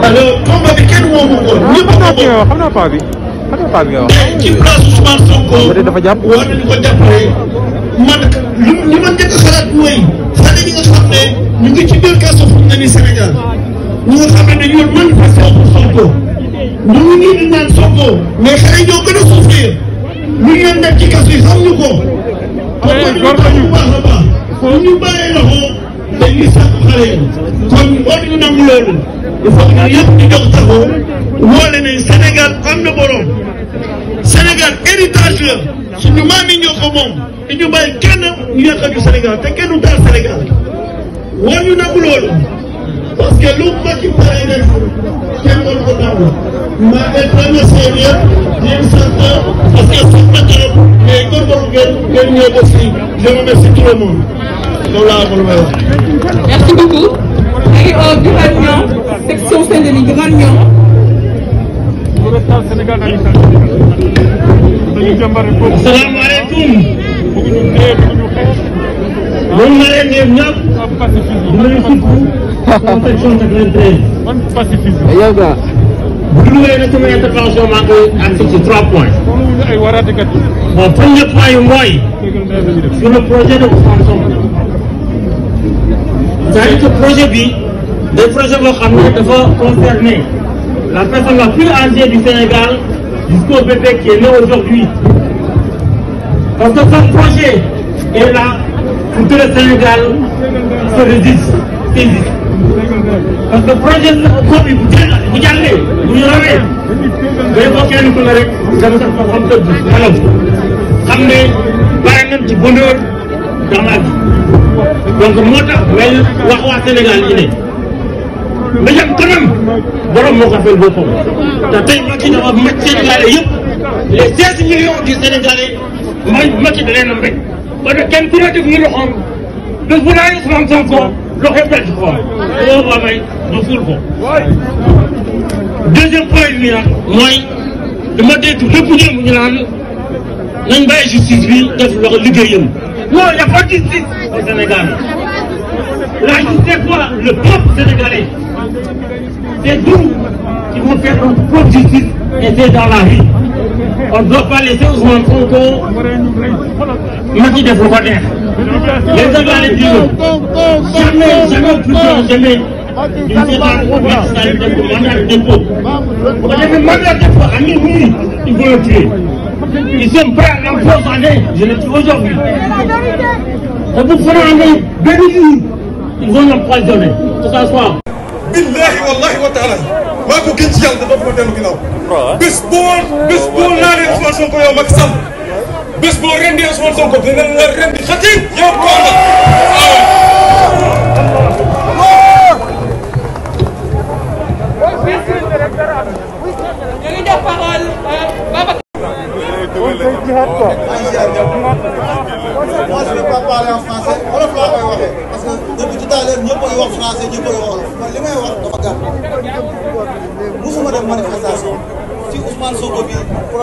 combat bi kenn woo ko woon. ñëpp a ko woon xam naa paa bi xam naa paa bi nga wax. mais ci place Ousmane Sonko. ba tey dafa jàpp war nañu ko jàppale. man lu li ma njëkk a xalaat mooy. xale ñi nga xam ne ñu ngi ci biir kaso fu mu ne Sénégal ñi nga xam ne dañoo manifesté pour Sonko. ñu ngi nii di naan Sonko mais xale ñoo gën a souffrir. ñu ngi leen def ci kaso yi xam ñu ko. xale war nañu ko baax a baax. ñu bàyyee loxo dañuy sàkk xale yi. kon war nañu nangu loolu. il faut ñun yëpp ñu jóg taxaw woole ne Sénégal am na borom Sénégal héritage la suñu maam yi ñoo ko moom te ñu bàyyi kenn ñu yàqal ñu Sénégal te kenn du taal Sénégal war ñu nangu loolu parce lu Macky pare def kenn waru ko nangu ma est premier seigneur yéen sant parce que sant na trop mais góorgóorlu ngeen ngeen ñëw loolu laa amoon may wax. merci ñu ngi oo Diouranion section Saint-Denis Diouranion. salaamaaleykum. moom nga leen di ñëpp. bu may sukk. section 93. ban pacifisme. yow gaa. bu duggee nag sama intervention maa ngi koy àgg ci trois points. bon premier point yu mooy. sur le projet de Ousmane Sonko. c'est-à-dire que projet bi. des projets boo xam ne dafa concerner la personne la plus âgée du Sénégal jusqu'au bébé qui est né aujourd'hui parce que ce projet est là pour que le Sénégal se résiste saisisse parce que projet boobu bu jàll bu jàllee bu ñu rawee day bokk kenn ku ne rek dama sax ko xam tëdd xelam xam ne bare nañ ci bonheur dans la vie donc moo tax mel wax waa Sénégal yi ne mais nag quand même borom moo ko fay boppam te tey Macky dafa màcc Sénégalais yëpp les 16 millions du Sénégalais ma Macky da leen a mbéy. ba nag kenn ku ne def ñu loxoom bés bu laajee Ousmane Sonko loxo yëpp daal ci kawam loolu waa may ba ful ko. deuxième point bi nag mooy dama dégg lépp ñoom ñu naan nañ justice bi def loxo liggéeyam. non y' a pas justice Sénégal le peuple sénégalais. C'est nous qui vont faire un positif effet dans la vie. On ne doit pas laisser Ousmane Sonko Macky def lu ko neex. Les Sénégalais disent jamais, jamais plus que jamais ñu seetaan Macky Sall def ko mandat de dépôt. Bu ko defee mandat de dépôt à minuit, il faut le tuer. Ils sont prêts à l'empoisonner, je le dis aujourd'hui. Et vous prenez en main, béni, ils vont l'empoisonner, que ça soit billahi wallahi wa taala maa ko gën ci yàlla Sonko yow Macky Sall bés boo Sonko dina la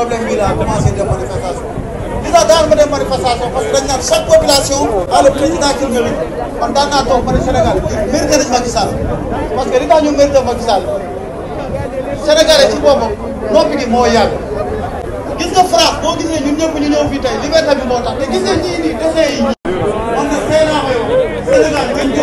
bi laa commencé des manifestations li tax daan ma dem manifestation parce que dañ naan chaque population a le président qu'il mérite man daan naa toog ma ne Sénégal mérité nañ Macky Sall parce que li tax ñu mérité Macky Sall Sénégalais ci boppam noppi gi moo yàgg gis nga France boo gisee ñun ñëpp ñu ñëw fii tey liberté bi moo tax te gis nga ñii nii dessin yi man na seenaa ko yow Sénégal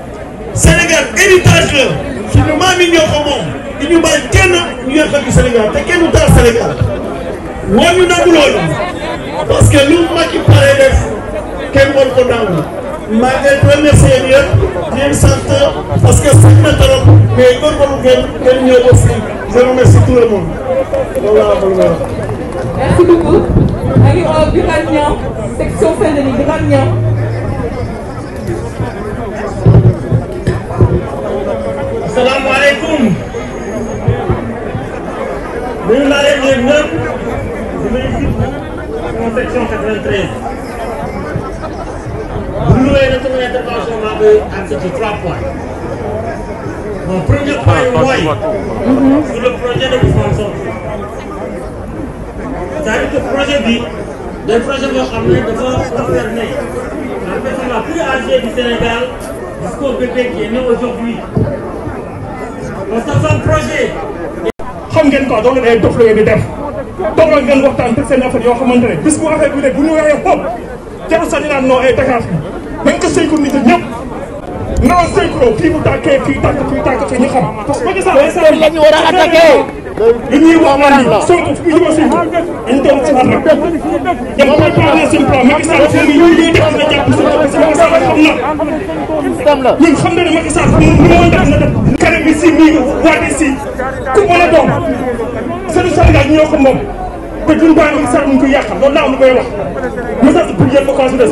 Sénégal héritage la suñu maam yi ñoo ko moom di ñu bàyyi kenn ñu yor xel Sénégal te kenn du taal Sénégal war ñu nangu loolu parce que lu Macky pare def kenn war ko nangu maa ngi leen remercier yéen yëpp di leen sant parce que sax na trop mais góorgóorlu ngeen ngeen ñëw aussi je remercie tout le monde loolu laa bëgg a wax. merci beaucoup maa ngi woo oh, Birane Niang section Saint-Denis Birane de trois points. Mon premier point mooy sur le projet de Ousmane Sonko. c'est-à-dire que projet bi day projet boo xam ne dafa concerné la personne ngeen quoi donc ngeen di def doxal seen affaire yoo xamante ne bis bu affaire bi ne bu ñu waxee xob jarul sax ñu naan non ay Dakar bi nañ ko saytu non synchro fii mu tàkkee fii tàkk fii tàkk fii ñu xam. kon lañu war a attaqué. li ñuy wax man la Sonko fu mu jëm a Sonko. dañu toog ci àll rek. dem préparer seen plan Macky Sall fi mu ñuy def na jàpp Sonko parce que Macky Sall xam na. système la ñun xam na ne Macky Sall fi mu mën def na def. kanam bi si nii waate si ku mën a doon. seen Sénégal ñoo ko moom. te duñ bàyyi Macky Sall mu ngi koy yàqal loolu laa am lu koy wax. message bi pour yéen vacances des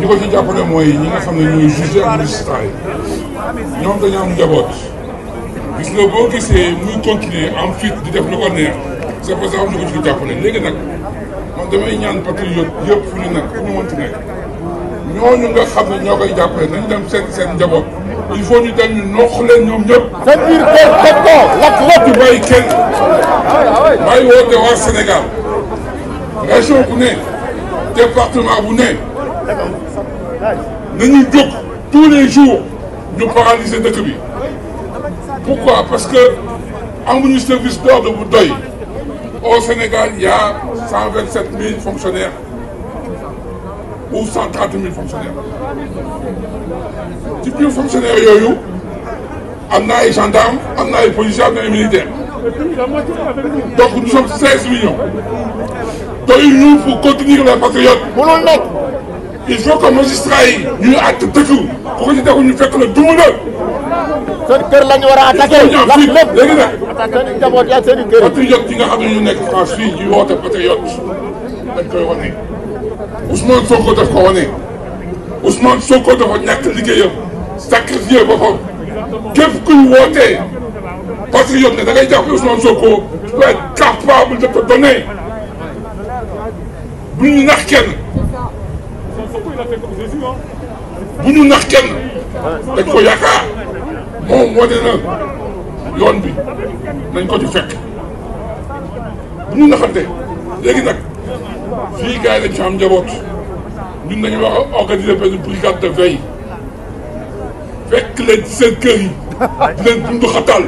ñu ko ci jàppale mooy ñi nga xam ne ñooy juge ak magistrat yi ñoom dañu am njaboot gis nga boo gisee muy continuer am fit di def lu ko neex c'est parce que am na ko ci jàppale léegi nag man damay ñaan patriote yëpp fu ñu nag fu ñu mënti nekk ñooñu nga xam ne ñoo koy jàppale nañ dem seen seen njaboot il faut ñu dem ñu noq leen ñoom ñëpp. seen biir kër teg ko lakk lakk. ñu bàyyi kenn bàyyi woote waa Sénégal région ne département bu ne. nañuy jóg tous les jours ñu paralyser dëkk pourquoi parce que amuñu service d'ordre bu doy au Sénégal il y a cent vingt sept mille fonctionnaires ou cent trente mille fonctionnaires ci fonctionnaires yooyu am na ay gendarmes am na ay policiers am na ay militaires donc nous sommes seize millions doyul ñu pour continuer les patriotes. mënul nekk. il faut que magistrat yi ñuy àtt dëgg ko ci déglu ñu fekk la duma la. seen kër la ñu war a attaqué. ndax lépp léegi nag. seen i njaboot ak seen i kër. patriote yi nga ñu nekk France fii di woote patriote dañ koy wane Ousmane Sonko daf ko wane Ousmane Sonko dafa ñàkk liggéeyam sacrifié boppam képp kuy wootee patriote ne da ngay jàppale Ousmane Sonko tu es capable de te donner bu ñu nax kenn. bu ñu nax kenn dañ ko yaakaar moom wane na yoon bi nañ ko ci fekk bu ñu naxante léegi nag fii gars yi dañ fi am njaboot ñun dañu wax organiser benn brigade de veille fekk leen ci seen kër yi di leen dund xatal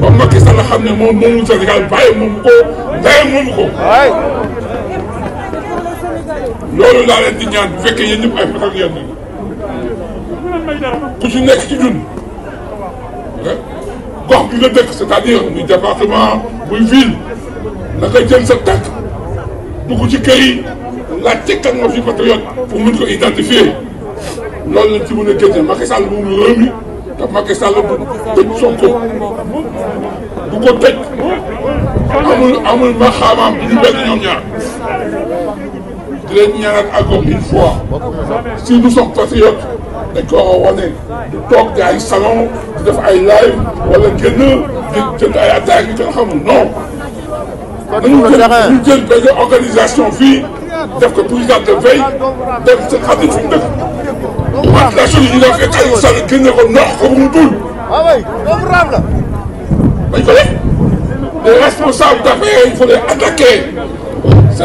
ba Macky Sall xam ne moom moomu Sénégal bàyyi moomu ko ndeyam moomu ko loolu laa leen di ñaan bu fekkee yéen ñëpp ay fan ak yéen ku ci nekk ci ñun eh, gox bi nga dëkk c'est-à-dire du buy ville naka jël sa tàkk dugg ci kër yi laajte kan nga fi patriote pour mun ko identifier loolu ci mën a génne Macky Sall moom la réew mi te Macky Sall du tëj Sonko du ko tëj amul amul ma xaamaam ñu benn ñoom ñaar. di leen ñaanal encore une fois si nous sommes patriotes dañ ko war a wane du toog ay salon di def ay live wala génn di jënd ay attaques yu kenn xamul non. nañu jël ñu jël benn organisation fii def ko brigade de veille dem sa xam ne fi mu dëkk. population yi ñu def état yi sànni ko ndox ko mu dul. Ah dañ ko def les responsables d'affaires il faut les attaquer c'est